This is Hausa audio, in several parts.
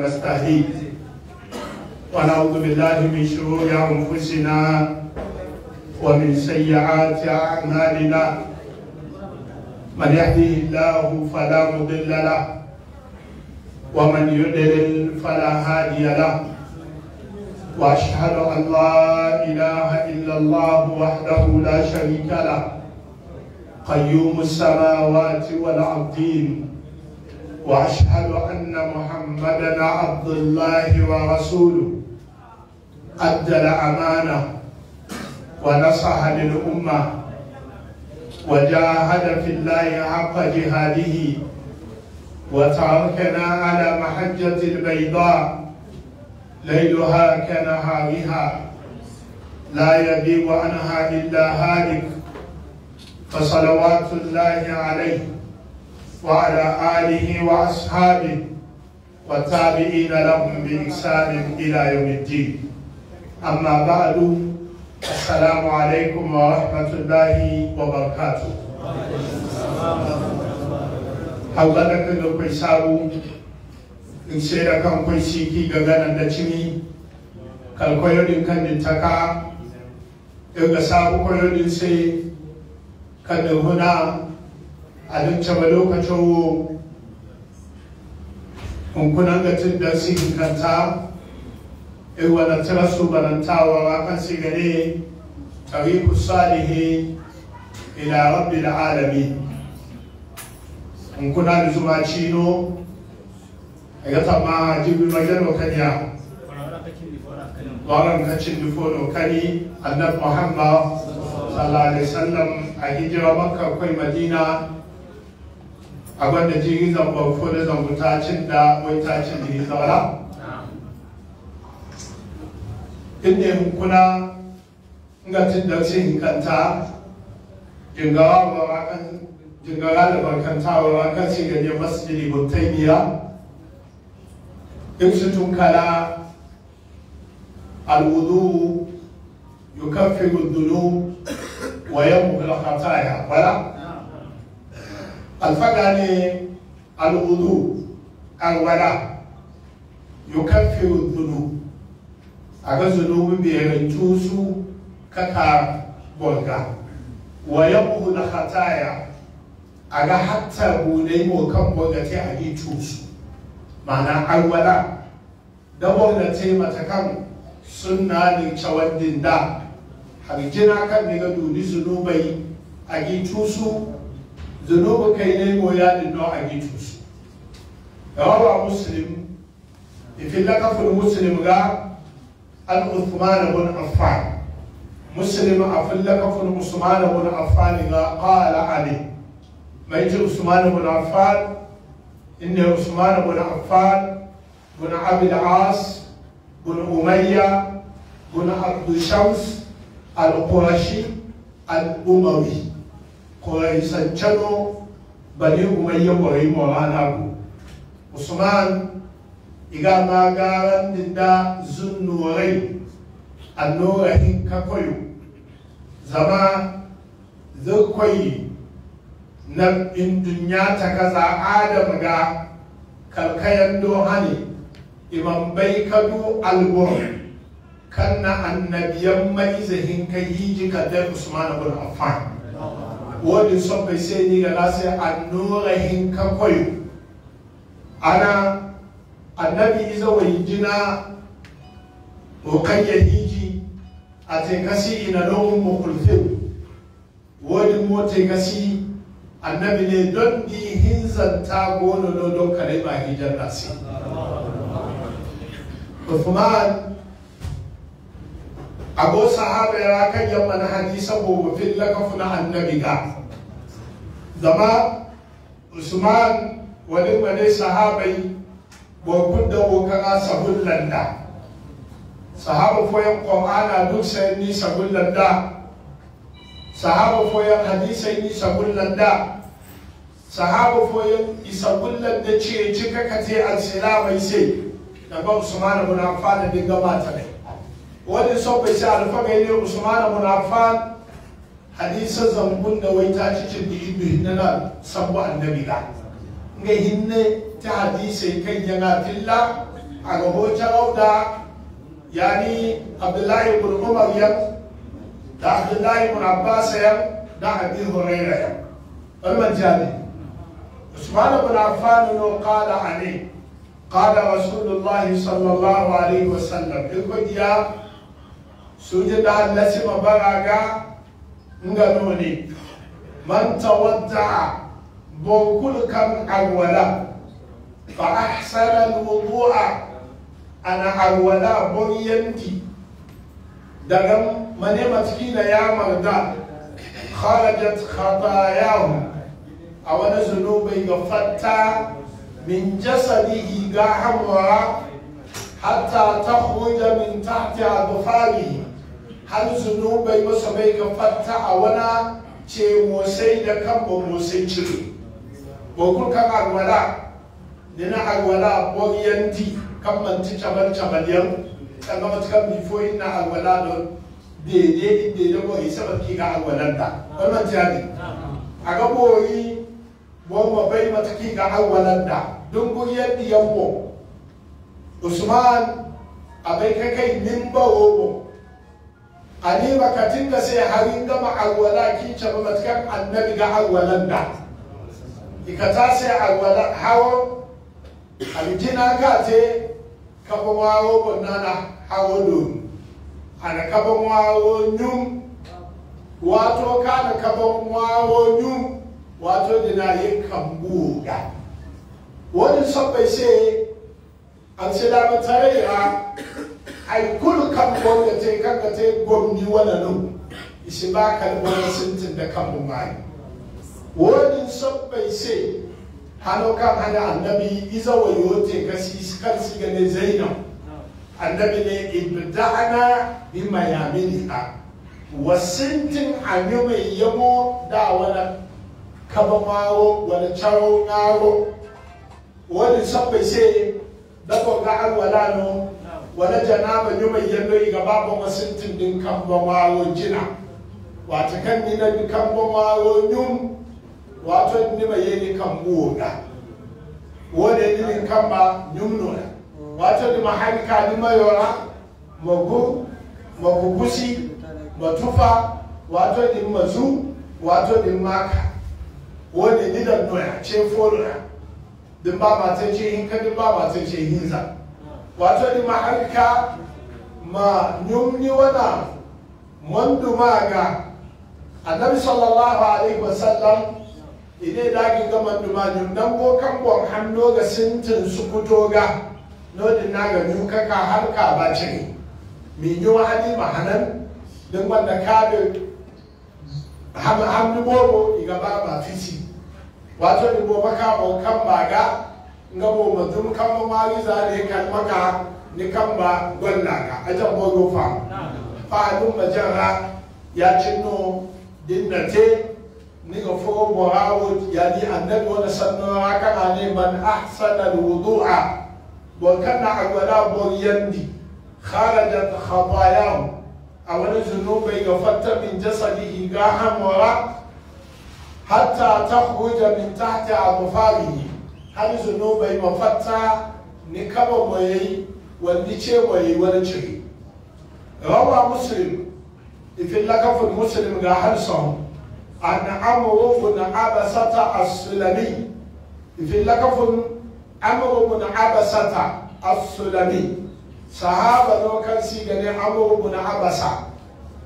ونستهديه ونعوذ بالله من شرور انفسنا ومن سيئات اعمالنا من يهديه الله فلا مضل له ومن يضلل فلا هادي له واشهد ان لا اله الا الله وحده لا شريك له قيوم السماوات والارضين واشهد ان محمدا عبد الله ورسوله ادى الامانه ونصح للامه وجاهد في الله حق جهاده وتركنا على محجه البيضاء ليلها كنهارها لا يبيغ عنها الا هالك فصلوات الله عليه Wa al'adun Ali ne wasu haɗin watabi na lambun bai sanin idanun jini, amma ba'adu ba salama alekum wa masallaci kwai tsaro in shaida kan kwai ciki ga ganin da cini kan ƙwayoɗin kan mintaka, daga saka ƙwayoɗin sai kan ɗan huda. abin cabalo ka cewo kunkunan gatin don su kanta iwanar tira su banantawa kan sigare tariku salihi ila rabbil alami kunkuna da zuma cino a ga tamma jibin magano kanya waran kacin dufono kani annab muhammad sallallahu alaihi wasallam a hijira makka kai madina abinda jiri zamba ko da zamba ta cin da wai ta cin jiri zaura in ne kuna nga cin da cin kanta jingawa ba ma kan jingara da barkanta ba ma kan shi ganye bautai biya in shi tunkala alwudu yukaffiru dhunub wa yamhu al ya wala alfaga ni alwudu alwala yukaffiru dhunub aga zunubin biyar tusu kaka bolga wa yamhu na khataya aga hatta bunai mo kan bolga te ani tusu ma'ana alwala da bolga te mata kan sunna ni chawaddin dinda har jina kan ni ga duni zunubai yi tusu Zanuba Kailego did not agree to su. Yawa Muslim, if you look up for Muslim ga an Uthman ibn Affan. Muslim afin look up for Usman ibn Affan ga qala Ali. Mai ji Usman ibn Affan inna Usman ibn Affan ibn Abi al-As ibn Umayya ibn Abd Shams al-Qurashi al-Umawi. koy sancano bani umayya koy mawana ku usman iga ma garan dinda zunnurai ka koyo. zama koyi na in dunya ta kaza adam ga kalkayan dohani imam bai kadu albon kan na annabiyan mai zahin kai ji kaddar usman ibn affan bai wodi ni seni sai se nura hin kakwai ana annabi iza jina o ya hiji a taikasi ina dogon mukulfin wodi mote taikasi annabi ne don di zanta gono no don kare ba hijar nasi abu sahaba ya kan yamma na hadisa bobo fil lakafu na annabi ga zama usman wani wani sahabai bokun da bokana sabon da sahabu foyan kwamana duk sai ni sabon da sahabu foyan hadisai ni sabon da sahabu foyan isabullan da ce cika kace al-sila mai sai daga usman ibn affan da gaba ta ne wani so bai sai alfa ne usman na affan حديث زمبون نويتا تشد إبه ننا سبو عن نبي دا نهن تحديث كي ينات الله أغبو جغو دا يعني عبد الله بن عمر يم دا عبد الله بن عباس يم دا عبد الهريرة يم فلما جاني عثمان بن عفان نو قال عني قال رسول الله صلى الله عليه وسلم يقول يا سجد الله سبحانه وتعالى ngano ne man tawadda bonkul kan alwala fa ahsana alwudu'a ana alwala bon yanti daga mane matkina ya marda kharajat khatayahu a wani bai ga fatta min jasadihi ga hatta ta min tahti adfarihi har zunubai masa bai gafarta a wana ce mosai da kan ba mosai cire Bokun kan agwala ni na agwala bogiyanti kan manti cabal cabal yan kan ga matukan bifo na agwala don daidai daidai ko saboda ki ga agwalan da wannan jani a ga boyi ma bai ki ga agwalan da don di yan bo usman abai kai kai nimba wo halima ka tinga sai harin gama alwala ki ce ba matakan annabi ga alwalan da ikata sai alwala hawo aljina ka te ka ba wawo bonana hawo do ana ka ba wawo nyum wato ka na ka ba wawo nyum wato dina yin kambu da wani sabbai sai an sai da tare ya ay kulu kam ko ga te kan ga te gomni wala no isiba kal wala sintin da kan mu mai wodin sabbai se hano kan hana annabi iza wayote kasi kan siga ne zainab annabi ne ibda'ana bima yaminiha wasintin hannu mai yamo da wani kaba mawo wani charo ngaro wodin sabbai se da ko ga alwala no wala janaba nyuma yendo iga babo masintin din kambo mawo jina wata kan ni na kambo mawo yun? wato ni ma kan buwo ga Wani ni min kamba yun nuna wato ni mahaika ni ma yora magu mogu matufa wato ni mazu wato ni maka Wani ni da ce foro na din ba ma ce hinka ka din ba ma ce hinza wato ni maharka ma nyumni wana mundu maga annabi sallallahu alaihi wasallam ine dagi ga mundu ma nyumnan go go hanno ga sintin su kuto ga nodin ka nyukaka harka ba ce mi nyuwa hadi mahanan din wanda kabe hamni bobo iga ba ba fici wato ni bobo ka kan baga nga mo matum kam mari za ne kan maka ni kan ba gwalla ka ajan bogo fa fa dum majara ya cinno dinnate ni ga fo borawo ya di annabi wala sanno haka ane man ahsana wudu'a. bo na agwala bo yandi kharajat khatayahu awala zunuba ga fatta min jasadihi ga hamara hatta takhruja min tahti adfarihi har no bai mafatta ni kaba mai wani ce mai wani ciri rawa muslim ifin lakafin muslim ga harsan an amuru bin abasata as ifin lakafin amuru bin abasata asulami sahaba no kan si gane amuru bin abasa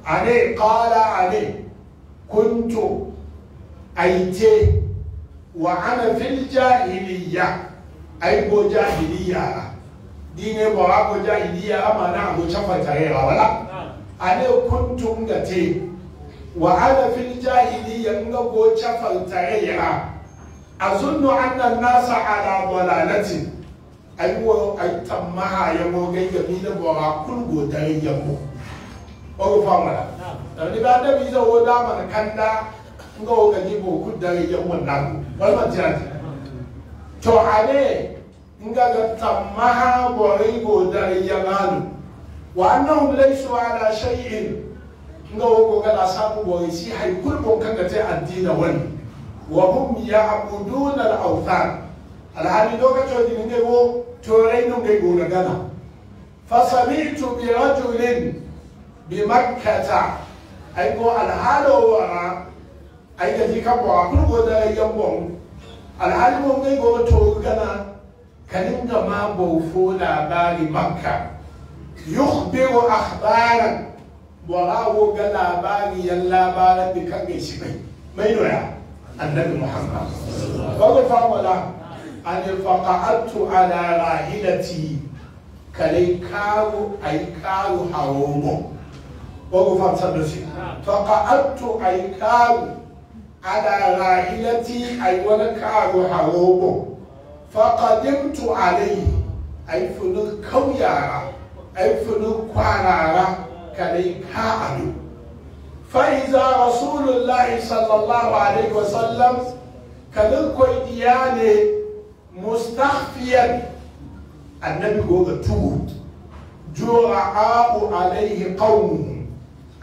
ane qala ane kuntu aite wa ana fil jahiliya ai go jahiliya dine ba wa go jahiliya ama na go chafa tarewa wala ane kuntum da te wa ana fil jahiliya nga go chafa tarewa azunnu anna nasa ala dalalatin ai wo ai tamaha ya go ga gami da ba wa kul go tarewa ko o fa mala da ni ba da bi zo da man kanda nga wo ka jibo ku daga ya umma na walma jaji to ane nga ga tamaha bore go daga ya malu wa annahum laysu ala shay'in nga wo ko ga asabu bore si hay kulbon kan ga te addina wani wa hum ya'buduna al-awthan alhali lokacin da ne wo ga nun gai gona gana fasami'tu bi rajulin bi makkata ai ko alhalo wa ayi da ji ka a kuru ko da yan bɔ alhali mo ngai go to gana kanin ga ma bo fo labari makka yukhbiru akhbaran wala wo ga labari yan labaran da kan gaishe mai mai doya annabi muhammad ba ga fa wala an faqa'atu ala rahilati kale kawo ay kawo hawo mo ba da shi. sabbi a yi kawo على راحلتي أي ونكار حروبه فقدمت عليه أي فنر كويارا أي فنر كوارارا كلي كاعدو فإذا رسول الله صلى الله عليه وسلم كذل كويدياني مستخفيا النبي قول تود جرعاء عليه قومه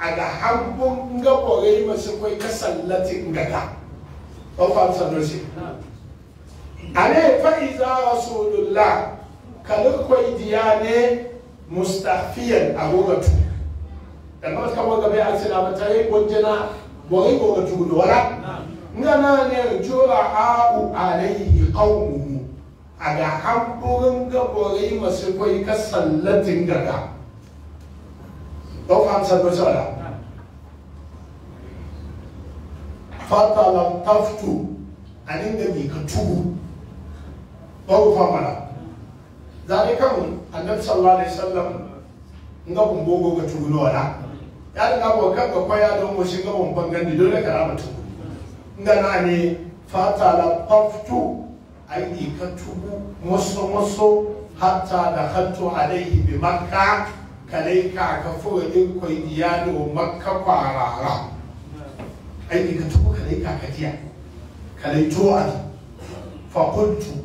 aga habbo nga bore ma se koy kasallati ngata o fam sanosi ale fa iza rasulullah kalu koy ne mustafiyan agogatu dama ka mo gabe asira batare gonjena bore ko gatu da wala ngana ne jura au alayhi qawmuhu aga habbo nga bore ma se kasan latin ngata Dokonca bezala. Fata lam taftu anin da mai ka tubu. Babu famana. Zane kan annabi sallallahu alaihi wasallam nga kun gogo ka tubu wala. Ya da ka kan ka kwaya don mu shiga ban bangan dole ka rama tubu. Nga na ne fata lam taftu aini ka tubu musu musu hatta da hattu alaihi bi makka kalai ka ka fo din ko iyalo makka kwarara ai ni ka tuko kalai ka ka tiya kalai to a fa kuntu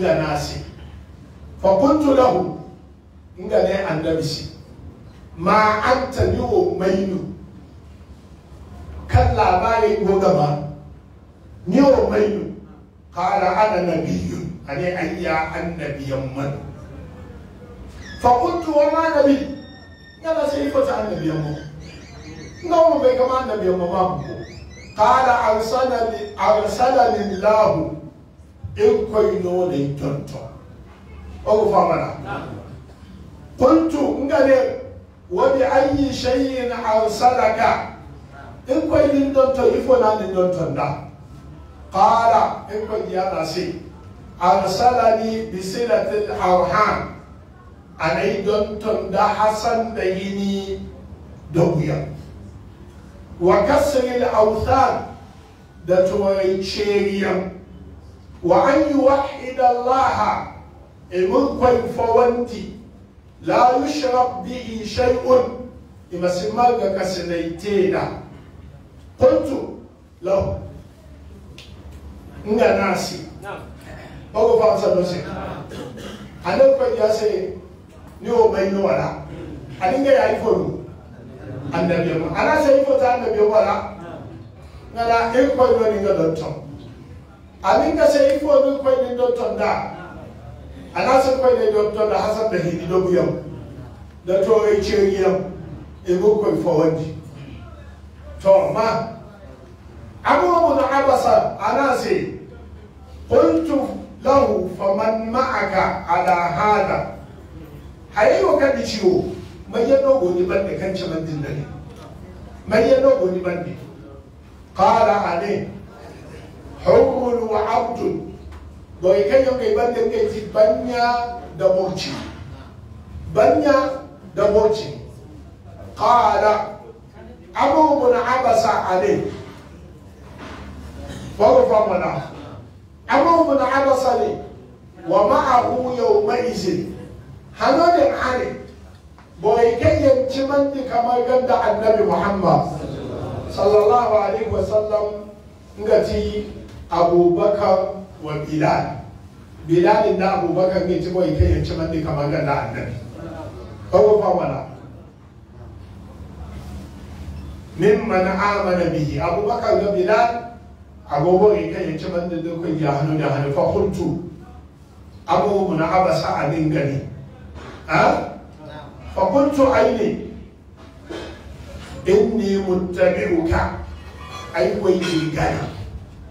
ila nasi fa kuntu lahu inga ne annabi shi ma anta ni o mainu kan labarin ko gaba ni o mainu qala ana nabiyyu ane ayya annabiyyan man fa kuntu wa ma nabiyyu يلا سيدي ko النبي annabi amma nawa كمان النبي annabi amma قال أرسلني أرسلني الله إن لي تنتو أو فهمنا قلت نقول نعم. وبأي شيء أرسلك إن كنوا تنتو يفونا نا قال إن كنوا يا نسي أرسلني بسلة الأرحام anay don ton da hasan da yini da wuya wa kasril awthan da tuwai ceriyan wa an yuwahhid Allah imun kwan fawanti la yushrab bihi shay'un imasimma ga kasnaitena qultu lahu nga nasi na'am bago fa sa dosi anan kwan ya sai ni o mai no wala ani ga yayi fo mu annabi mu ana sai fo ta annabi wala ngala la ko no ni ga dotto ani ga sai fo no ko ni dotto da ana sai ko ni dotto da hasan da hidi do buyam da to e chiriyam e go ko fo wadi to ma abu abu da abasa ana sai قلت له فمن معك على هذا ayeyo kadi ciwo mayyano goni bande kan camandindani mayyano goni bande kala ane hurmun wa abdun boy kayo kai bande kai ci banya da borci banya da borci qala abu bin abasa ane farfa mana abu bin abasa ne wa ma'ahu ma izin هنالك علي بويكي يمتمند كما قد النبي محمد صلى الله عليه وسلم نتي أبو بكر وبلال بلال إن أبو بكر نتي بويكي يمتمند كما قد النبي أو فاولا ممن آمن به أبو بكر وبلال أبو بكر يمتمند كما قد النبي فقلت أبو من عبس عدن قليل ha fa kuntu aini inni muttabi'uka ai wai gana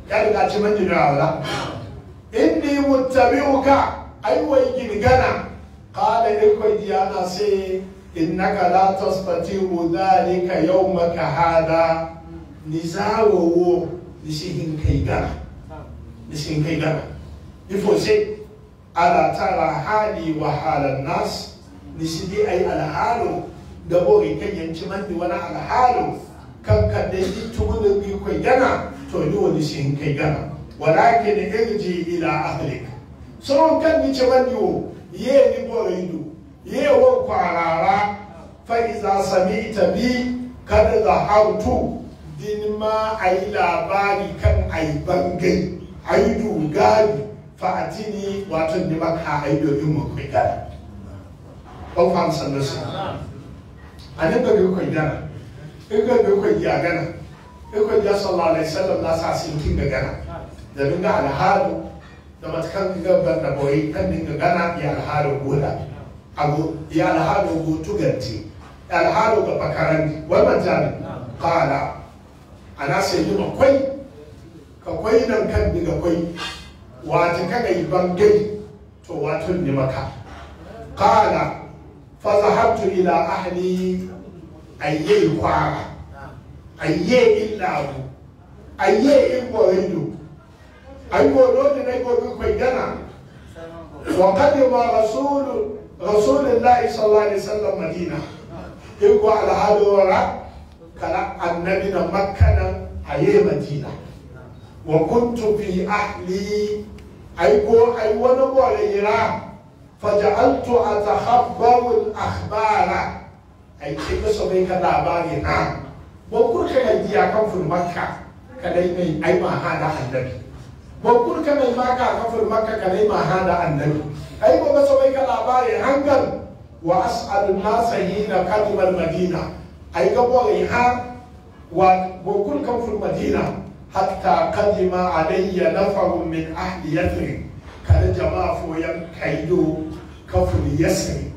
ya riga ci man jira wala inni muttabi'uka ai wai gana qala likwai yana sai innaka la tastati'u dhalika yawmaka hada hmm. nizawo wo nishin kai gana kai gana ifo ala tara hali wa halan nas nisidi dai ai alhalo da bori kan yanci mandi wani alhalo kan ka da yi da bi kai yana to ni wani shi kai yana walakin irji ila ahlik so kan ni ce mandi wo ye ni bori ndu ye wo kwarara fa iza sami'ta bi kad zahartu din ma ayi labari kan ai bangai ai gari. fa'atini wato bi maka ayi domin mu kai gara o fam sanda su nan ba bi kai gara in ga bi kai ya gana in ko ya sallallahu alaihi wasallam la sa sin kin ga gana da bin ga alhalu da matakan ga ban da boye kan din ga gana ya alhalu goda abu ya alhalu go tuganti alhalu ga bakaran wannan jami qala ana sai yi makwai ka kwai nan kan diga kwai واتكاد يبنجي تواتل نمكا قال فذهبت إلى أهلي أيي الوارا أيي إلاو أيي إلو إلو أي مولود أي مولود وقدم رسول رسول الله صلى الله عليه وسلم مدينة يقول على هذا الوراء كلا النبي مكة أي مدينة وكنت في أهلي أي قول أي ليرا فجعلت أتخبر الأخبار أي كيف سبيك لاباري نعم وكل كان يجي أكم في مكة يمي أي ما هذا النبي وكل كان يجي أكم في مكة كلمة هذا النبي أي ما سبيك لاباري هنقل وأسأل الناس هنا كتب المدينة أي قبول ها وكل كان في المدينة hatta kadima alayya nafarun min ahli yathrib kada jama'a fo yan kaido kaful yasri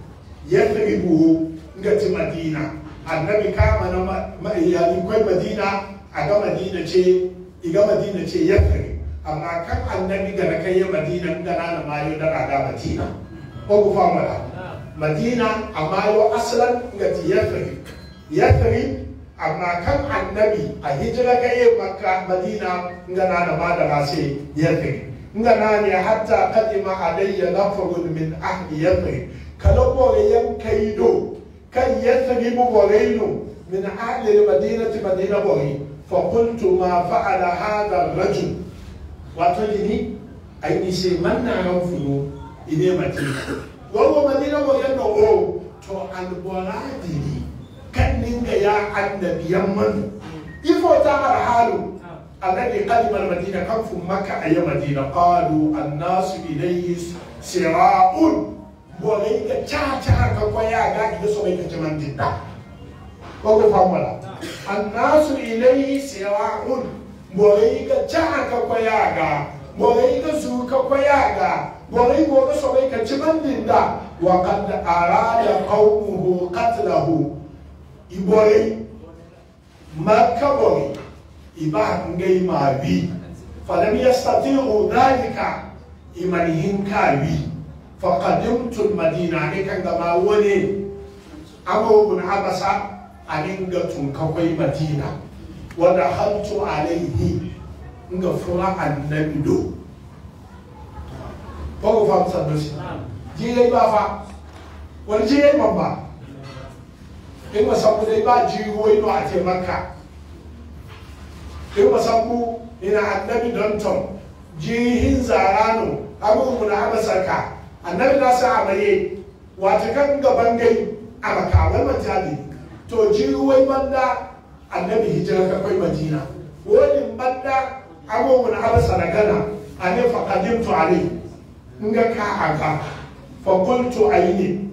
yathribu ngati madina annabi kama na ma iyali kwai madina a madina ce iga madina ce yathrib amma kan annabi ga na kai madina ngana na mayo da ga madina ko ku famala madina amma yo aslan ngati yathrib yathrib amma kan annabi a hijira ka yi makka madina ngana da madana sai yake ngana ne hatta kadima alayya nafarun min ahli yake kala bore yan kaido kan yasri mu boreino min ahli madinati madina bore fa qultu ma fa'ala hadha ar-rajul wato ni aini sai manna ran fulu ine madina wawo madina bore no o to alboradi kan ninka ya annabiyan man ifo ta har halu alladhi qadima madina kan fu makka ay madina qalu an ilayhi sira'un bore ka cha cha ka ko ga ki so bai ka man dinda ko ko famala an ilayhi sira'un bore ka cha ka ko ga bore ka su ka ko ya ga bore ko so bai ka man dinda wa qad arada qawmuhu qatlahu ibore makabori iba ngai mabi falam yastati'u dhalika iman hinkawi faqadimtu almadina ne kan gaba wani abubuwan abasa a dinga tunkakwai madina wadda hantu alaihi nga fura annabi do ko ko fam sadosi jirai ba fa wani jirai ba in ba san dai ba jiwo ino a taimaka in ba san ku ina annabi don tom jihin zarano abubu na amasarka annabi na sa amaye wata kan gaban gai a makawar matali to jiwai banda annabi hijira ka kai madina wani banda abubu na amasaragana a ne faƙadimtu a ne in ga ka haka fakultu a yi ne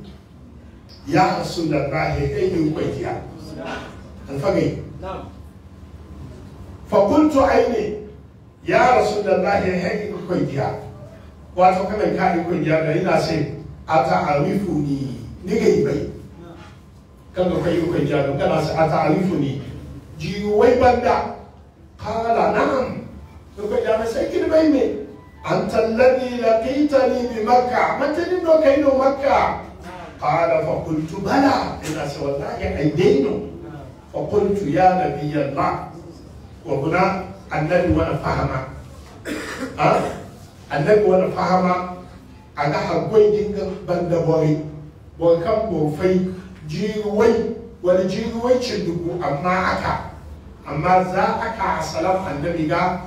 يا رسول الله أين وجهك الفقيه نعم فقلت عيني يا رسول الله أين وجهك wato kamar ka ni da ina sai a ta'arifu ni ni gai bai kan ga kai kungiya da kana sai a arifu ni jiwai banda kala na'am to kungiya mai sai kin bai me anta alladhi laqitani bi makkah Matanin ni no qala fa qultu bala ina ce wallahi ai dainu fa qultu ya nabiyallah wa huna annabi wani fahama annabi wani fahama a ga hagwai dinga banda bori borkan borfai jiruwai wani jiruwai cindugu amma aka amma za aka salam annabi ga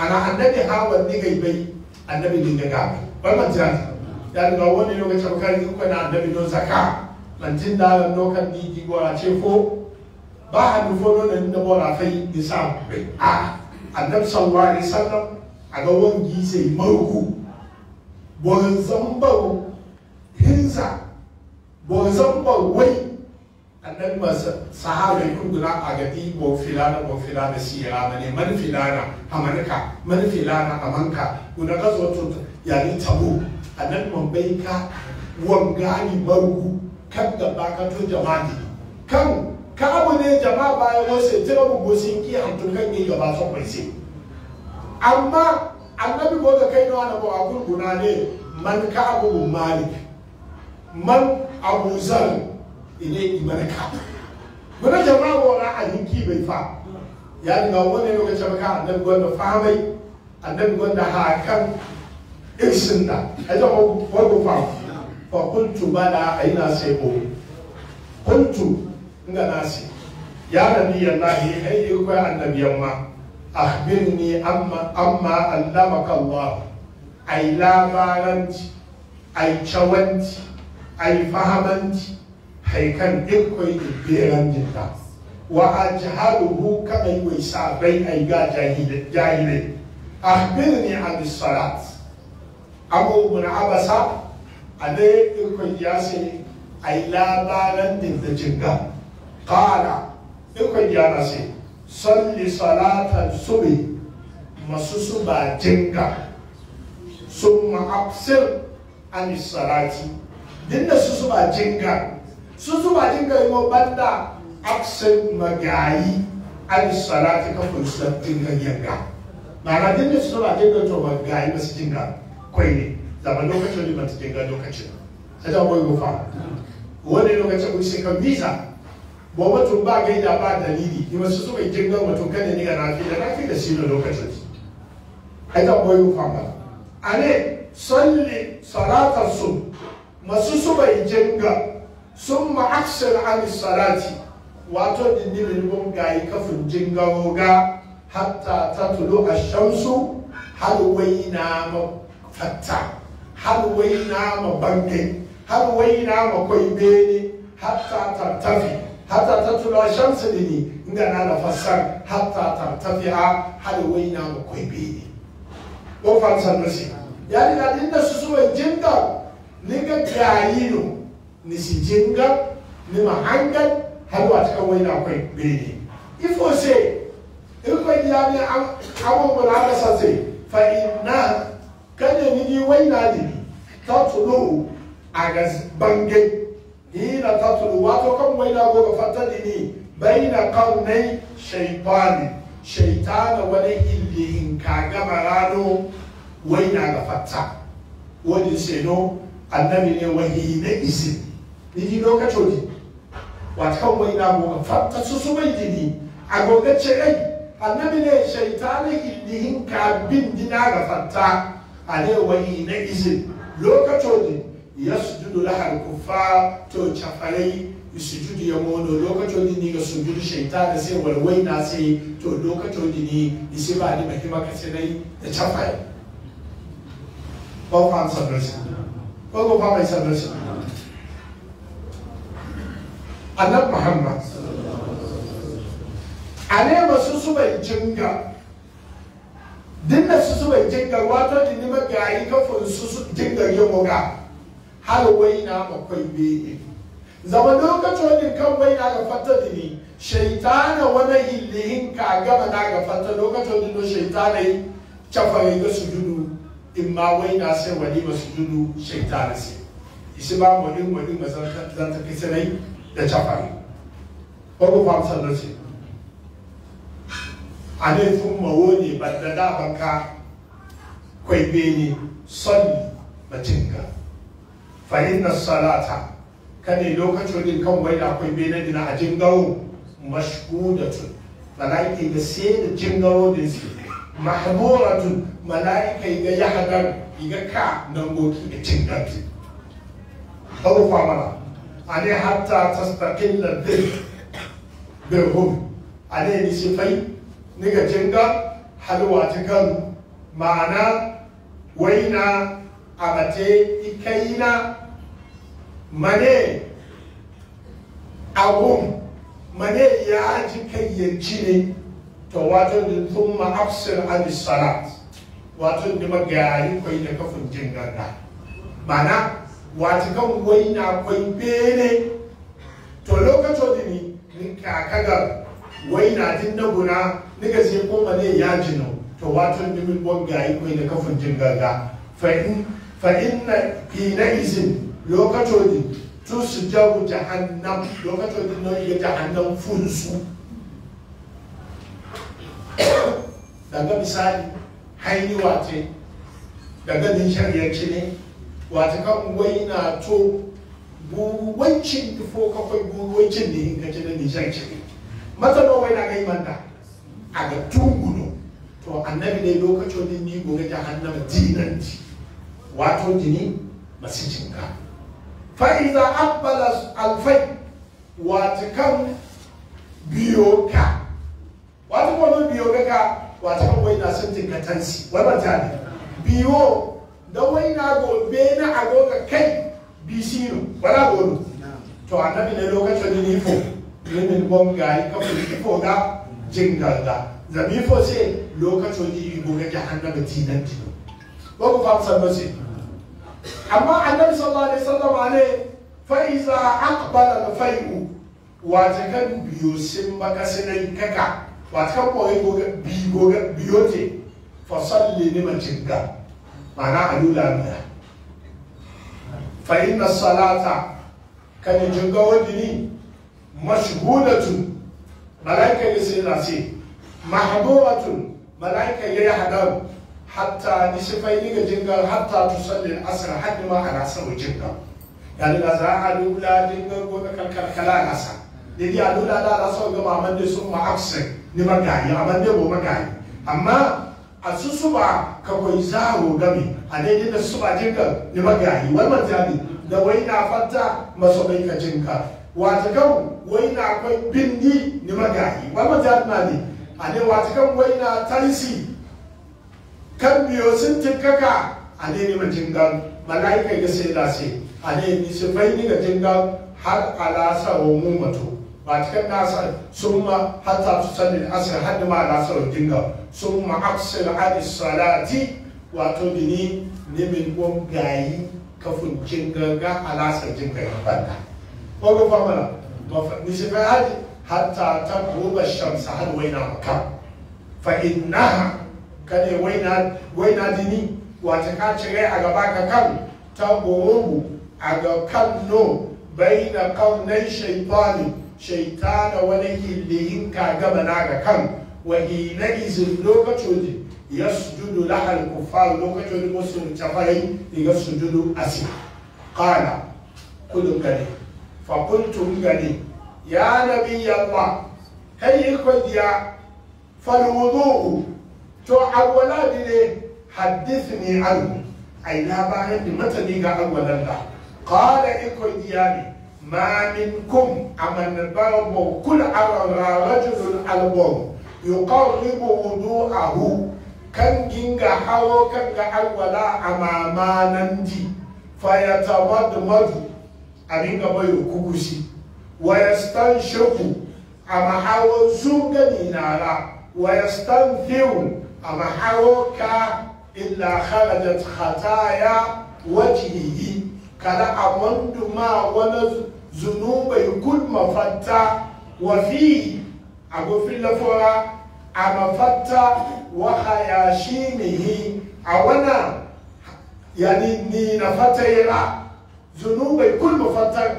ana annabi hawan digai bai annabi dinga ga bai ya ga wani lokacin bakari uku na bi don zaka lantin da no lokacin di di gora ce fo ba ha du fo non da bora fai isa be a annabi sallallahu alaihi wasallam a ga wangi sai marku bon zambau hinsa bon zambau wai annabi masa sahabai kun guna a gadi bo filana bo filana siyara ne man filana hamanka man filana amanka guna gazo to yani tabu a nan bai ka wangani marugu kan gaba ka to jama'a kan ka abu ne jama'a baya sai tira mu gosin ki hantun kan yi ba so kai sai amma annabi ko da kai nawa na ba gurguna ne man ka abu malik man abu zar ile iman ka wani jama'a ba wani ahinki bai fa ya ga wani lokacin ka annabi gwanda famai annabi gwanda hakan in sin da ai da wai ko fa fa kuntu bala ai na sai ko kuntu inga na sai ya nabiyallahi ai ko annabiyan ma akhbirni amma amma allamaka Allah ai labaranci ai cawanci ai fahamanci haikan ikkoi ibberan jinta wa ajhaluhu kama yi wai sabai ai ga jahilai akhbirni an salat abu bin abasa a ne ikon ya sai a yi labaran din da jinga kala ikon ya na sai salli salatan subi masu su ba jinga sun ma'afsir an salati din da su su ba jinga su su ba jinga yi banda afsir magayi an salati kafin su jinga yanga ma'ana din da su ba jinga to magayi masu jinga kwai zama lokacin da ban ga lokacin ta da wani rufa wani lokacin kun shi kan visa ba mutum ba gaida ba dalili ni wasu su mai jirgin mutum kan ne ga rafi da rafi da shi na lokacin ai da wani rufa ba a ne salli salatar su masu su mai jirgin sun ma'aksir an salati wato dindinin mun gayi kafin jirgin roga hatta ta tulo a shamsu har wai na hatta har waina ma bangai har waina ma kwai bene hatta tartafi hatta tatula shamsu dini inda na da fassar hatta tartafi a har waina ma kwai bene ko fansar nasi ya ni da inda su suwa jinga ni ga gayino ni si jinga ni ma hangal har wa cikin waina kwai bene ifo se in kwai ya ni awon mulaka sa sai fa'ina kanye ni yi wai na ni, tatulu a ga bange yi na ta wato kan wai na goga fata di ni bai na kaunai shaitani shaitana wani ilihin ka gama rano wai na ga fata wani sheno annabi ne wani na isi ni yi lokacin di wata kan wai na goga fata su su mai di ni a goga ce ai annabi ne shaitani ilihin ka bin dina ga fata ale waɗi na izin lokacojin ya sujudu lahar kuffa to cafalai sujudu ya mono lokacojin ni ga sujudu shaitana sai walwai na sai to lokacojin ni isi ba ni mahimma ka sai dai da cafai ko fam sabrasi ko ko fam mai sabrasi annabi muhammad ale masu subai jinga su dinna susube jigga wato dinima gayi ka fun susu jigga yemoga hal wayna ma koy bene. zama lokacin din kan wayna ga fatta dini Shaitana wani hillihin ka gama na ga fatta lokacin din do shaytana yi chafare ga sujudu imma wayna sai wani ba sujudu shaitana sai isi ba mu wani mazan zanta kisanai da chafare ko ku famsa da sai ale fun mawo ne ba da banka kwai bene salli batinka fa inna salata ne lokacin din kan wai da kwai bene dina a jingawo tun. malaiki ga sai da jingawo din su mahmuratun malaika ga ya hadar ga ka nan goki ga cinkanti tawfa mana ale hatta tastaqilla dhil bihum ale ni sifai niga jinga halwa ti kan ma'ana waina abate ikaina mane agum mane ya ji kayyanci ne to wato da sun ma'afsir abis salat wato da magayi kwai da kafin jin ganga mana wato kan waina kwai bene to lokacin da ni kaga waina din na guna daga sai kuma ne ya jino to watan dimin bonga yi ko da kafin jin gaga fa in fa inna izin lokacin di to su jawo jahannam Lokacin di no ya jahannam funsu daga misali haini wace daga din shari'arci ne wata kan wai na to buwancin ifo kafai buwancin da yin kace da nishan ce matsalo na gaimanta a ga tungudu to annabi ne lokacin din ni gobe jahannama jinanci wato jini masu jinka fa iza abbala alfai wato kan biyo ka wato kuma biyo ka wato kan wai na sun tansi? wai ban ta ne biyo don wai na gobe na agoga kai bisino wala gobe to annabi ne lokacin din ni fo ne min bom gayi kafin fo da jin garda zami fo se lokacin di igu ga jahannama tinan dino ba ku fahimta ba se amma annabi sallallahu alaihi wasallam ne fa iza aqbala al fai'u wa takan biyo sin makasinai kaka wa takan koyi goga bi goga biyote fa salli liman jinga mana alula mina fa inna salata kan jinga wadini mashhudatu malaika ya sai na sai mahduratun malaika ya yi hadar hatta nisifai ni ga jingar hatta tusalli asr haddi ma ana sabu jingar yani da za a lula jingar gobe kalkala a sa da di a lula da ala sau gama amma dai sun ma aksin ni magayi amma dai bo magayi amma a su suba ka koyi zaro gami a daidai da suba jingar ni magayi wal manjani da wai na fata masu bai ka jingar wata gau waina kwai bindi ni magahi ba ma jadna ni wa ta kan waina tarisi kan biyo sun tinkaka ane ni ma jingal malaika ga sai da sai ane ni sai bai ni ga jingal har sa wa mu mato wati kan nasa summa hatta tusalli asr hadd ma sa wa jingal summa afsil ali salati wato dini ni min gon gayi kafin jingal ga alasa jingal ka fanta ko ga fama نصفها حتى تغرب الشمس هل وين مكة فإنها كان وين وين ديني وتكاتشري أغباك كم تغرب أغباك نو بين قرني شيطاني شيطان وليه اللي ينكا غبناك كم وحينئذ لوكتشوجي يسجد لها الكفار لوكتشوجي مسلم تفاهي يسجد أسيح قال كل كريم فقلت مغني يعني، يا نبي الله هي قديا فالوضوء تو أولا دي حدثني عنه أي لا باين متى أولا قال قال إكودياني ما منكم امن الباب كل رجل الباب يقرب وضوءه كان جنجا حاو كان اولا اما ما دي فيتمضمض a ringa mai kugushi wa yastanshiqu ama hawo zunga ni nara wa yastanfiu A hawo ka illa kharajat khataya wajhihi kala amanduma wala zunuba yukul mafatta wa fi agofin lafora a mafatta wa hayashimihi a wana yani ni na fatayira zunubai kul mafatar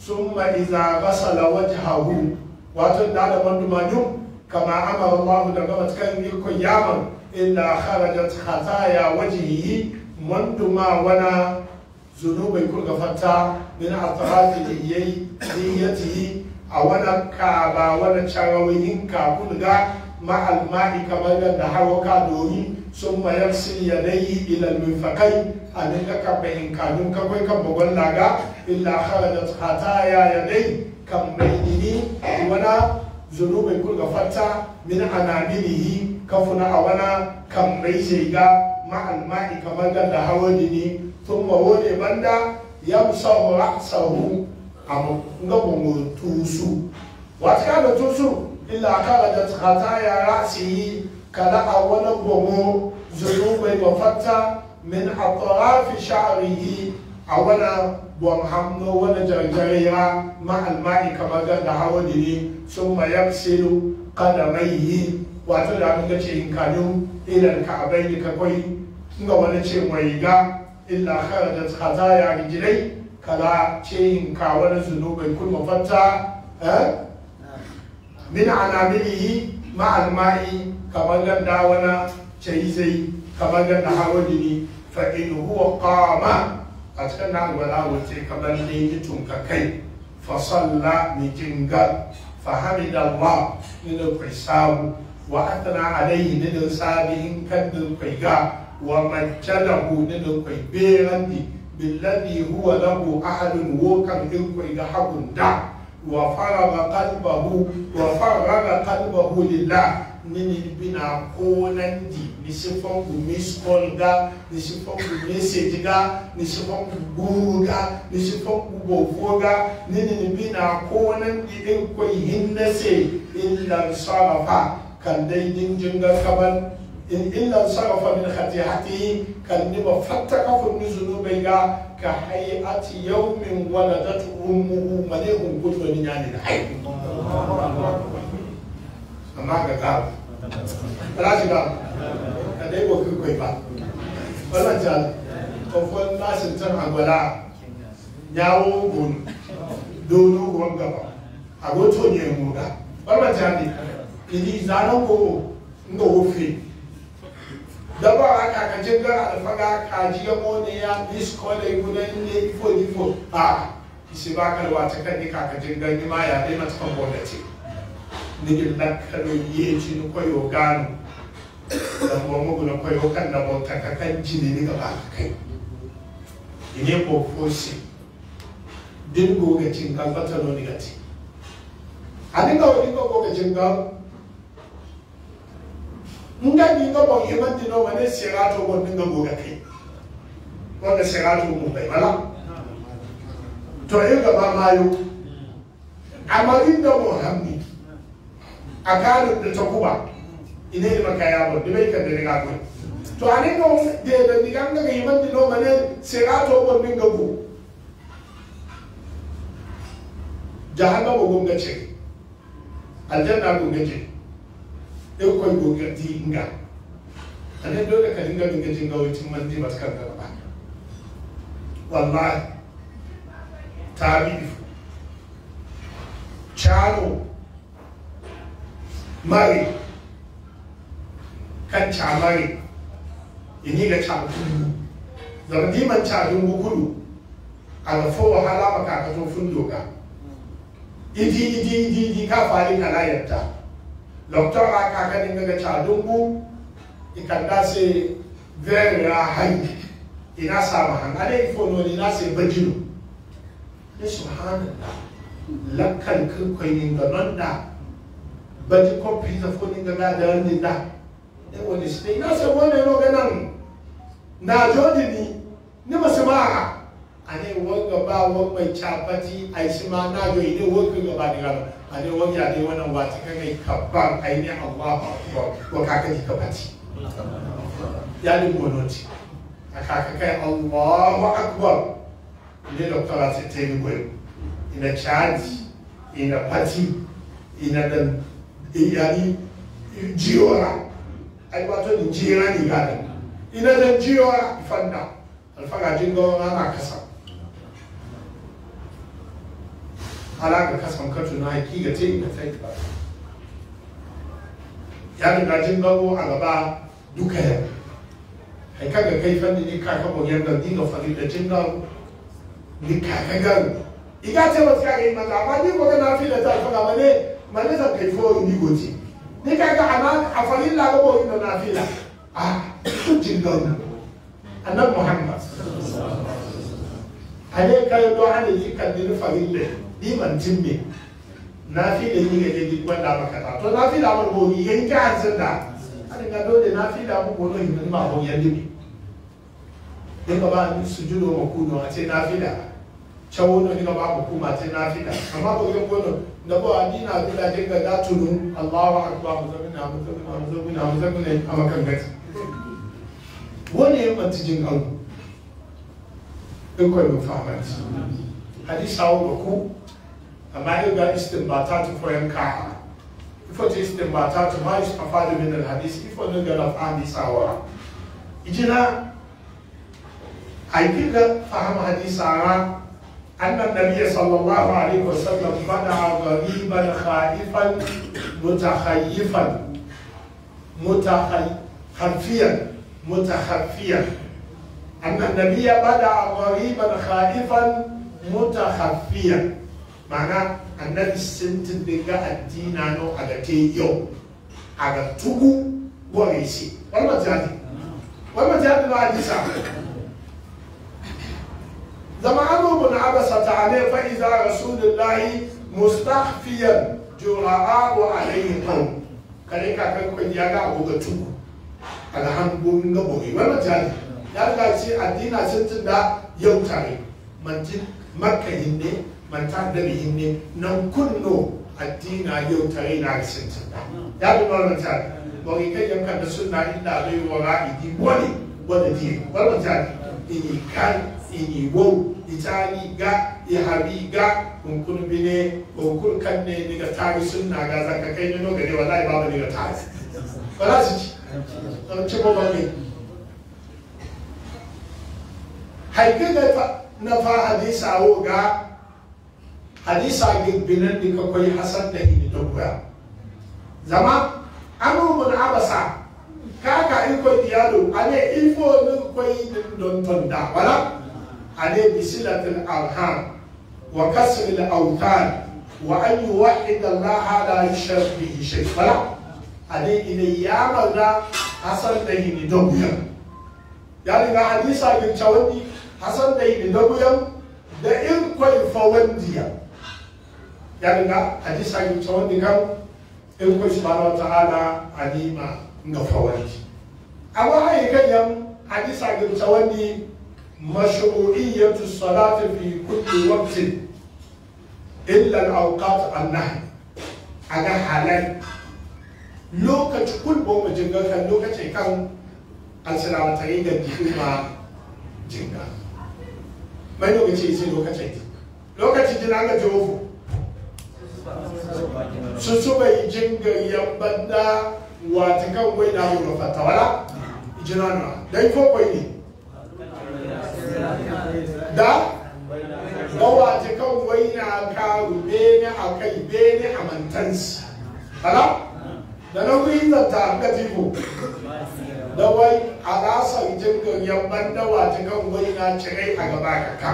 sun ma'iza gasala wajhahu wato da da mandumanyu kama amara babu da gama cikin ikon yaman illa kharajat khataya yi manduma wana zunubai kul gafarta min atrati yayi niyyatihi a wana ka ba wana charawayin ka kun ga ma'al ma'i kamar da hawaka domin sun mayar sun yanayi ilal mifakai a nan ka kafa in kakwai kan bagon laga illa kharajat hataya yanayi kan mai ini wana zunubin kulga fata min anabilihi kafuna a wana kan mai shiga ma'al ma'i kamar ganda hawa dini sun mawo ne banda yamsahu ra'sahu amma nga bongo tusu wata kana tusu illa kharajat hataya ra'sihi كلا أولا بومو زنوب بفتا من أطراف شعره أولا بوم حمد ولا جرجريا مع الماء كما قال هاودني ثم يغسل قدميه واتودا من شيء إن كانوا إلى الكعبين كوي إن ولا شيء ويجا إلا خرجت خزايا رجلي كلا شيء إن كان ذنوب كل مفتا مفتى نعم. من عنابله مع الماء kamar ganda wana chaisei kamar ganda harodini fa in huwa qama a cikin na wala wace kamar ne yi tunka kai fa salla ni jinga fa hamidallah ni da sabu. wa athna alayhi ni da sabihin kan da kaiga wa majjalahu ni da kaiberandi billadhi huwa lahu ahadun wokan kan in kwaiga hakun da wa faraga qalbahu wa faraga qalbahu lillah nini bina ko nandi ni sifon ko miss call ga ni sifon ko message ga ni sifon ko guru ga e ni sifon ku bofo ga nini ni bina ko nandi din ko hinna se illa sarafa kan dai din jin ga kaban in e, illa e sarafa min khatihati kan ni ba fatta ka ko ni zunubai ga ka hayati yawmin waladatu ummu malihun kutwa ni nyani da hayy amma ga kawo rashi ba ka dai ko kai kai ba wannan ta kofon lashin tan agwala yawo gun dono gon gaba agoto ne mu ga wannan ta ne idi zanan ko ndo wofi daba aka ka jinga alfaga ka jiya mo ya miss gudan ne ifo ifo a isi ba kalwa ta kan ni ka ka ni ma ya dai nigil lakkano yeecino koyo g a n o namo mogono koyo kan namo taka kan j i n i n i g a ɓaka k a ine ko fosi dingoga cingal fatanonigati adinga o ɗinga goga cingal nga n i n g a ɓon yemandinomane serato gon ɗinga goga kay wonga serato mum ɓay wala to irga mamayo amarinda mo hamni a kanu ɗin ta kuba ina yi maka yabo ɗi bai kan dare gagon to a ne don da da ni kan ga yiman dino mane serato ko min ga ku jahanna ko gonga ce aljanna ko gonga ce e ko ko ga ti nga ane dole ka dinga dinga jinga wutin man di matkan ga ba wallahi tabi cano ไม่กัญชาไม่อย่านี่กัญชาแต่ทีมันชาดูบุคุณอาจจะฟ้องฮาลาประกาศกระทรวงฟุ้นดูกันอีทีอีทีอีทีทีข้าฟ้าลิขันาด้จ้ะหลอกจ้องอาคากันยังกัญชาดูบุอีกันดาเซเวรราให้ที่น่าสามหังอะไรฟ้องโน่นที่น่าเซบจิ้นนี่สุภาพนะลักขันคือคนยิงตันนั่นได้ baji kopi da kuni ga na da yanni da ya wani shi ne na san wani no ganan na jodi ni ni masu ba a ne wanga ba wanga chapati a shi ma na jo ide wanga ga ba diga a ne wanga ya dai wannan wata kai kabban ai ne Allahu akbar ko ka kai kabati ya ni monoti a kaka kai Allahu akbar ne doctora sai ta yi koyo ina charge ina party ina dan yani jiora ay wato ni jira ni gada ina da jiora fanda alfaga jingo na kasa alaga kasan katu na hakika te ina ta ba ya da jingo a gaba duka ya kai kaga kai fandi ni kaka ko yanda dinga fadi da jingo ni kaka ga iga ce wasu kage maza amma ni ko na fi da ta alfaga ba ne maleza pɛfo ni goti ni ka ka ana afali la ko ko ina na fila ah to jillo na ana muhammad ale ka yo do ale yi kan ni fagille di man timbe na fi da yi ga di kwanda maka ta to na fi da mun bo yi ka azin da ale ga do de na fi da mun bo ni ma bo yandi ni ba ba sujudu makudu a ce na fi da chawono ina ba ku kuma te na fika amma ko yin kono da ba ni na kula je ga da tunu Allahu akbar mu na mu zabi na mu zabi na mu ne a makan gati wani yan matijin an in ko mu fahimta hadisi hawo ku amma yau ga ba ta koyan ka ifo ta ba ta ma istafa da min hadis ifo ne ga lafani sawa ijina ai kika fahama hadisa ra أن النبي صلى الله عليه وسلم منع غريبا خائفا متخيفا متخفيا متخفيا أن النبي منع غريبا خائفا متخفيا معناه النبي السنت بقى الدين أنو على كي يوم على تبو وريسي والمجادي والمجادي ما عندي zama amur bin abasa ta ne fa iza rasulullahi mustafiyan jura'a wa alayhi kan kare ka kan kun ya ga abu ga tuku a han gomin ga boye wannan jari ya ga ce addina sun tun da yau tare mantin makka hinne mantar da ne, nan kunno addina yau tare na sun tun ya bi wannan jari boye kai yankan da suna illa bai wara'i di wani wani di Wani jani in kan iniwo itani ga ihabi ga hunkun bine hunkun kan ne daga tari sunna ga zaka kai ne no gare wallahi babu daga tari wala su ci don ci ko bane haike da fa na fa hadisa wo ga hadisa ga binan dika koyi hasan da hidi dogoya zama amru bin abasa kaka in koyi dialo ane ilfo min koyi don da wala عليه بصلة الأرحام وكسر الأوثان وأن يوحد الله لا يشرك به فلا عليه إلى الله حسن به ندوبيا يعني ما حديث عن التوندي حسن به ندوبيا ده إن كوي فوانديا يعني ما حديث عن التوندي كم إن كوي سبحانه وتعالى عليما نفوانديا أما هاي كلام حديث عن التوندي مشروعية الصلاة في كل وقت إلا الأوقات النهي أنا حالي لوكت كل بوم جنگا كان لوكت كان السلام تايين دا ديما جنگا ما لوكت يسي لوكت لوكت جنانا جوفو سوسوبا يجنگا يمبندا واتكا وينا يوفا تولا جنانا دا يفوق ويني đó, mình da dawa ta kan waina ka rube ni a kai be ni a mantansi ala da na kuyi zata ga tiko da wai a rasar jirgin yamman dawa ta kan waina cirai a gaba ka ka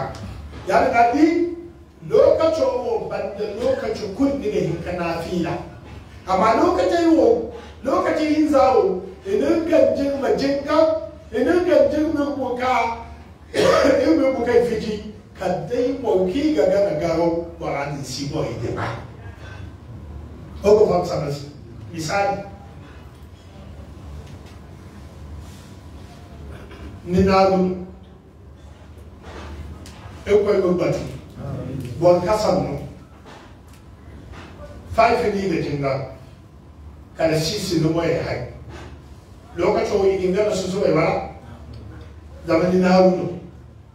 ya da daɗi lokacin wo banda lokacin kundi da hinka na thì nước gần wo mà yin zawo thì nước gần inin nước min kuka ibu ku kai fiji dai mauki ga gana garo wa an si boy de ba ko ko fam sanas misali ni na nagun e ko ko bati bon kasan no five ni da jinga kana si-si sisi no boy hai lokacin yi dinga su so ba zaman ni na nagun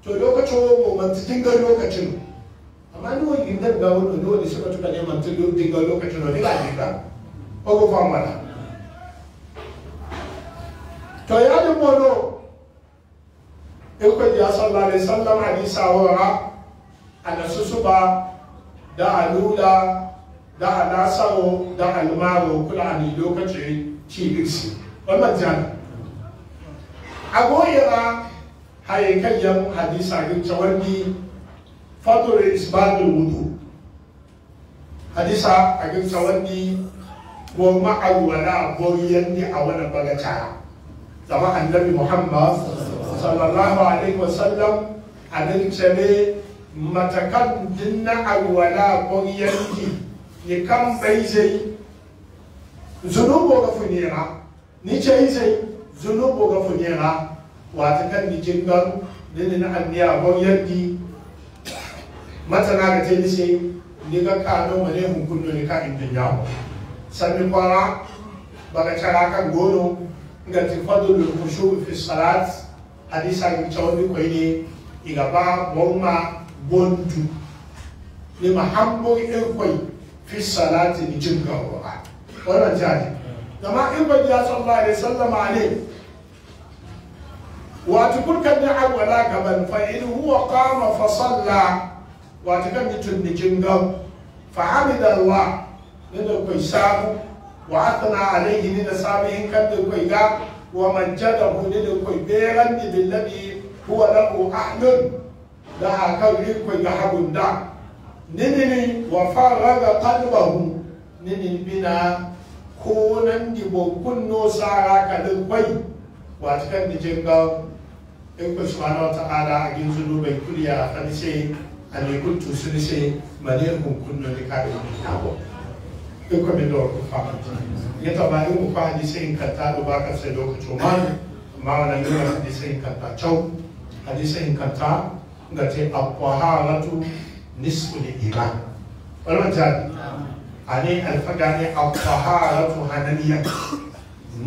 to lokacin wo manti dinga lokacin amma ni wani yinda ga wo ni wo ni sima tuka ne manti dinga lokacin wani ni ga dinga o ko fama da. to ya de mono e ko ya sallallahu alaihi wasallam hadisi awara ana susuba da alula da alasawo da almaro kula ne lokacin ci birsi wannan jana agoyera haye kan yan hadisa ga tawalli fatul isbatul wudu hadisa a ga tawalli go ma'awala go yandi a wani bagacara zama annabi muhammad sallallahu alaihi wasallam nan cele matakan dinna alwala go yandi ni kan bai zai zunubo ga funera ni ce zai zunubo ga funera wata kan di jingan dini na anniya bon yaddi matana ga te dise ni ga ka do mare hun kunno ni ka in jawo sanni kwara baga cara kan gono ga tafadulul khushu fi salat hadisa ga ni ko ne iga ba bomma bontu ni mahambo en koy fi salati ni jingan wa wannan jaji kama in ba ya sallallahu alaihi wasallama alaihi wati burkan da agwala gaban fa in huwa qama fa salla wati kan mitun da jingam fa hamida allah ne da kai sabu wa athna alayhi ne da sabihin kan da kai ga wa hu ne da kai beran ni billabi huwa lahu ahlun da haka ri kai ga ne ninini wa faraga qalbahu nini bina ko nan di bokun no sara ka da kai kan da jingam إن سبحانه وتعالى عجل ذنوب كل يا خلسي أن يكون تسلسي مليهم كل لكاري إن كم دور كفاهم يتبع إن كفاهم يسين كتا لباك سيدوك تومان ما أنا يوم يسين كتا شو يسين كتا ngate akwahaalatu nisfu liman wala jani ani alfagani akwahaalatu hananiya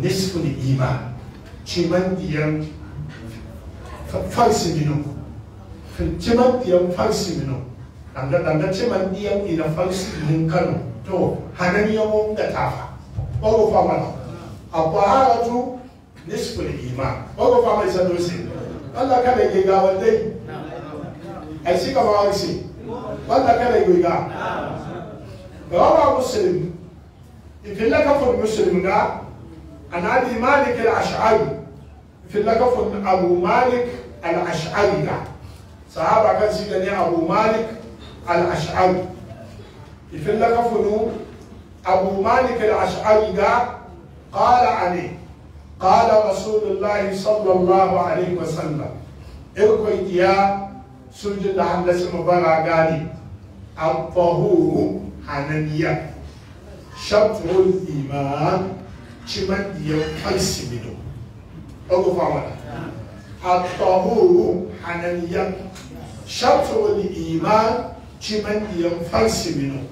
nisfu liman ciman diyan farsi minu fintiman ɗiyan farsi minu ɗanga ɗanga ciman ɗiyan ina farsi minin kano to hanan yawon da tafa ɓago famana a ƙwaharatu nisful iman ɓago famai sando se wanda kada ke ga wandai ai shi kama warsi wanda kada ke ga روى مسلم في لكف مسلم ده عن ابي مالك الاشعري في لكف ابو مالك الأشعري صحابة كان سيدني أبو مالك الأشعري يفل كفنو أبو مالك الأشعري دا قال عليه قال رسول الله صلى الله عليه وسلم إركويت يا سجد حملة مبارا براغاني الطهور حنانيا شطر الإيمان شمن يوم قيس منه أقف فعلا الطهور حنانيا شرط الإيمان ciman diyan farsi mino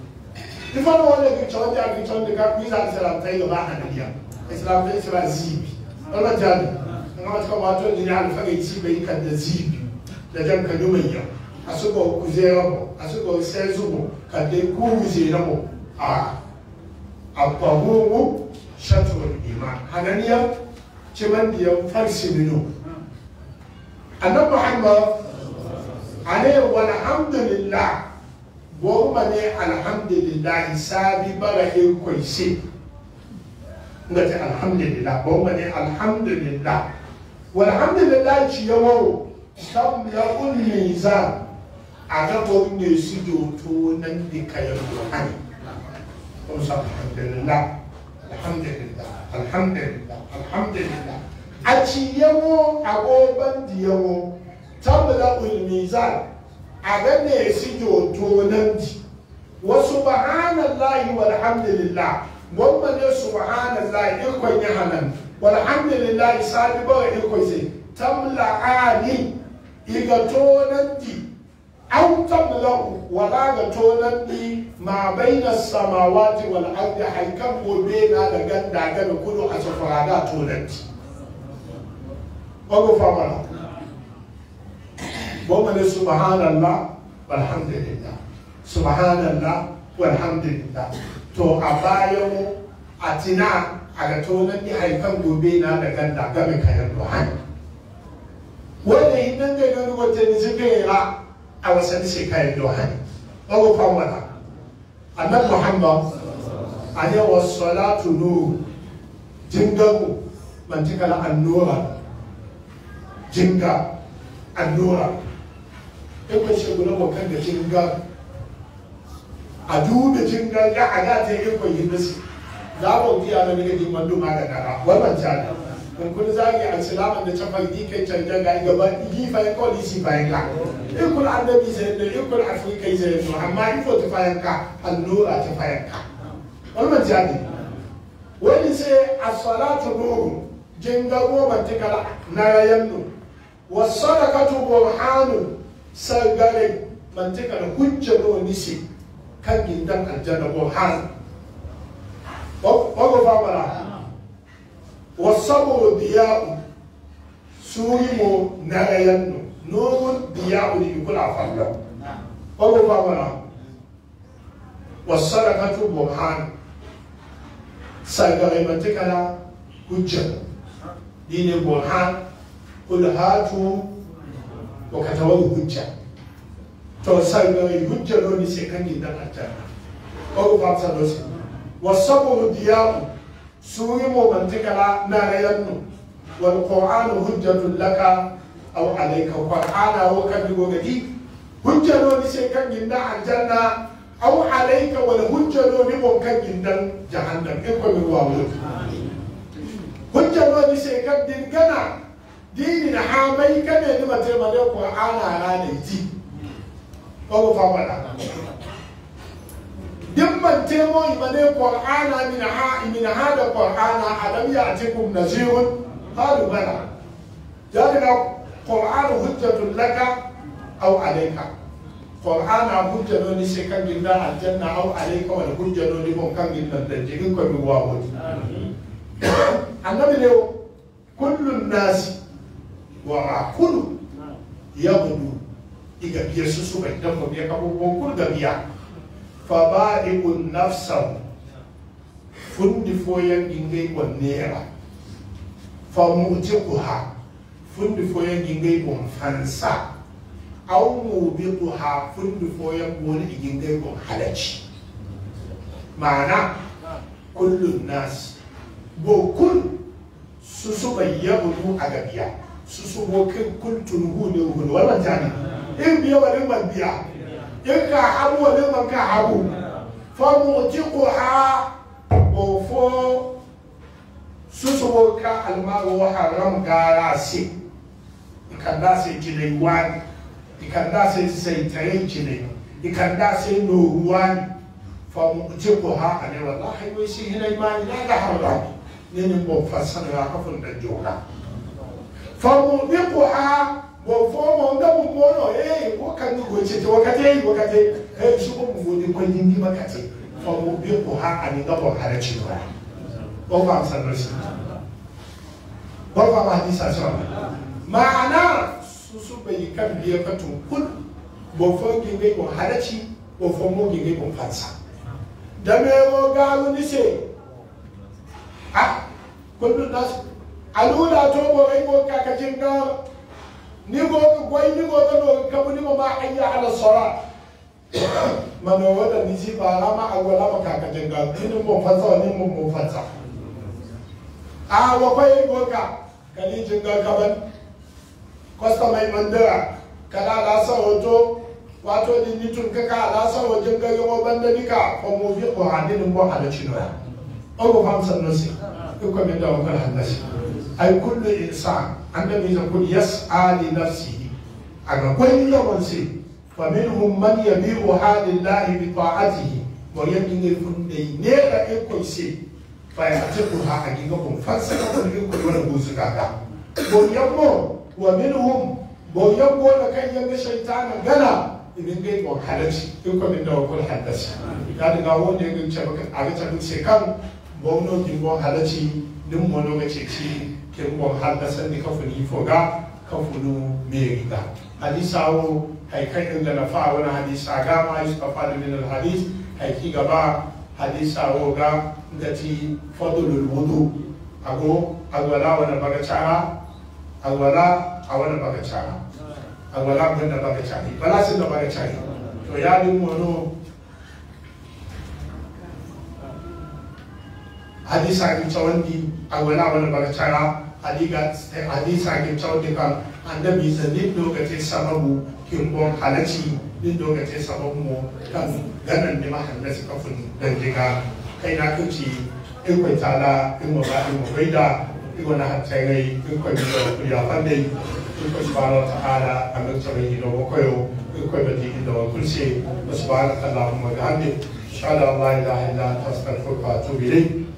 ifan wala ki chawdi ak chawdi ka mi za sala tay ba hanabiya islam ne sala zibi wala jani nga ta wato ni al fage ci bai kan da zibi da jan ka dumanya asugo ku zero asugo sezugo ka de ku zero mo a abahu shatru iman hananiya ciman diyan farsi mino annabi muhammad ale walhamdulillah goma ne alhamdulillah sabi bara in kwaise nga ce alhamdulillah goma ne alhamdulillah walhamdulillah ci yawo sam ya kulli zan a gaban ne su joto nan da kayan ruhani alhamdulillah alhamdulillah alhamdulillah alhamdulillah aciyewo agoban diyewo tamla ulmizan aga ne si jo tonandi Wasu subhanallahi walhamdulillah gomma ne subhanallahi ikon ya hanan walhamdulillahi sabi bawa irkon sai tamla ali iga tonandi an tamlau wala ga tonan ni ma bai na samawati wal ardi haikan gobe na da ganda gana kudu a safarada tonan ti bago famara bo mane subhanallah walhamdulillah subhanallah walhamdulillah to a baya mu a tina a ga tonan di haikan gobe na da ganda game kayan ruhani wanda nan ga gani wata ni suka yi ra a wasan shi kayan ruhani bago famara annabi muhammad a yawan salatu nuru jingaku mantikala annura jinga allura ikon shagunan wakan da jinga a duba jinga ya a ga ta ikon yi nasi za mu biya na daga jiman duma da dara wannan jana kun kun ki a silaman da ta fardi kai canjan ga gaba yi bayan kawai isi bayan ka ikon annabi an da ikon kai zai da amma ifo ta fayan ka allura ta fayan ka wannan jana wani sai a salatu nuru jinga goma tikala na yayan nuru wasadakatu burhanun sagare mantika na hujja no nisi kan gindan aljanna burhan bago famala wasabo diya'u surimo narayanno nogon diya'u ni yukula falla bago famala wasadakatu burhan sagare mantika na hujja burhan kul hatu wa katawar hujja to sannan hujja noni sai kan gidan aljanna ko ba sa dosi wasaburu diyamu suyi momantikala na rayannu wal qur'anu hujjatun laka aw alayka qur'ana wo kan go gadi hujja noni sai kan gidan aljanna aw alayka wal hujja noni mo kan gidan jahannam e ko mi wawo hujja noni sai kan din gana dini na ha bai kada ni mate ma ne ko ana rana ji ko ba fa wala din man te mo ma ne ko ana min ha min ha da ko ana adam ya atikum nazirun qalu bala jabina qur'an hujjatun laka aw alayka qur'an hujjatun ni sai kan ginda aljanna aw alayka wal hujjatun ni bon kan ginda da jigin ko bi wa wani annabi ne kullun nasi wa akulu ya gudu iga biyar su su bai dan biya abubuwan kun ga biya fa ba'i'un nafsan fundi foyan gingai wa nera fa mutiquha fundi foyan gingai wa fansa aw mubiquha fundi foyan wani gingai wa halaci ma'ana kullun nas bokun su su bai yabudu a gabiya susu wo ke kultun hune hune wala jani in biya wani man biya in ka habu wani man ka habu fa mu ti ko ha o fo susu wo ka almaru wa haram gara si ikanda se jile wani ikanda se saitare jile ikanda se no wani fa mu ti ko ha ale wallahi wai shi hinai ma ila da haram ne ne ko fasara hafun da jona famubiquha bovoma ndamumono eh wakati gochete wakati wakati eh shuko mvudi kwa nyingi makati famubiquha aninga bo harachi wa bova sanasi bova hadisa sana maana susu bai kan biya katun kun bofo gingai bo harachi bofo mo gingai bo fansa da me wo galu ni ah quando nasu alula to bo rai go ka kajin ga ni go go goi ni go to ka bu ni ma ba ayya ala sala mano wada ni ji ba la ma awala ma ka kajin ga ni mo fasa ni mo mo fasa a wa kai go ka kali jin ga kaban kosta mai mandara ka la sa hoto wato ni ni tun ka ka la sa hoto jin ga yo banda dika ko mo bi ko hadin mo hada chinoya ogo famsan no sai dukkan yadda muka haddace ai kullu insan annabi ya kun yas'a li nafsihi ana kullu wansi fa minhum man yabi'u halillahi bi ta'atihi wa yadin kun dai ne da e ko se ku ha agi ga kun fansaka wa da kan yanga shaytana gana idan gai ko halacci dukkan yadda kun haddace ya daga wanda ya gince a ga tabin Gwamnan gon halacci din mono lokaci ci ke gon har na sanni ka funi foga ka funu meriga hadisa wo haikai inda na fa wani hadisa ga ma yi suka fada min alhadis haiki gaba hadisa wo ga ti fadlul wudu ago agwala wani bagacara agwala a wani bagacara agwala ban da bagacara bala sun da bagacara to ya nin no wani ಹದಿಸಾಗಿಚ್ಚವಂತಿ ಅವನವನ ಹದಿಗ ಹದಿಸಾಗಿಚ್ಚವಂತಿಕ annabi sannin lokacin sababu kimbon halacci din lokacin sababu mu kan ganin da mahallar su kafin dandiga kai na kuci in kwai tala in ma ba in kwai da in wani hancin rai in kwai da kuriya fandai in kwai subhanahu wa ta'ala a lokacin yi da wakoyo in kwai bati inda wa kulce wasu ba na kallahun magana insha Allah la ilaha illa ta astaghfiruka wa atubu ilayk